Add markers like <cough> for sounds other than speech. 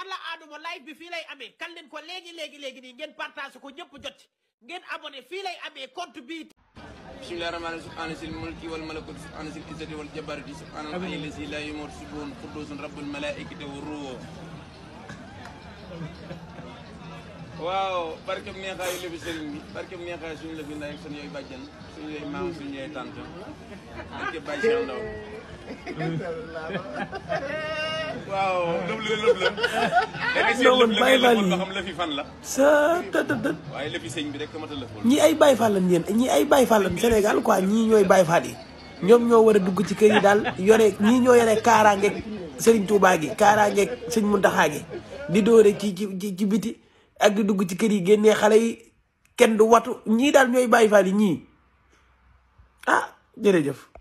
alla aaduma live bi fii lay amee kan leen ko léegi léegi léegi nii ngeen partage ko ñëpp jot ngeen abonné fii lay amee compte bi bismillahi rahmaani rahim subhaana sil mulki wal malakut subhaana sil izzati wal jabarati subhaana allahi lazi laa yamut subhun qudusun rabbul malaikati wa ruwo waaw barkeb neexaayu lebi sëriñ neexaayu suñu lebi ndaay ak yooyu bàjjan suñu yooyu maam suñu yooyu tante barkeb bàjjan ndaw waaw lëb la lëb <laughs> fan la. sa të të waaye lëfi sëñ bi rek mat a ñii ay Baye Fall lañ ñi ay Baye Fall lañ Sénégal quoi ñii ñooy Baye Fall yi ñoom ñoo war a dugg ci kër yi daal yore ñii ñoo yore kaaraangeeg Serigne Touba gi kaaraangeeg sëñ Mountakha gi di dóore ci ci ci biti ak di dugg ci kër yi génnee xale yi kenn du watu ñii daal ñooy Baye Fall yi ñii ah jërëjëf.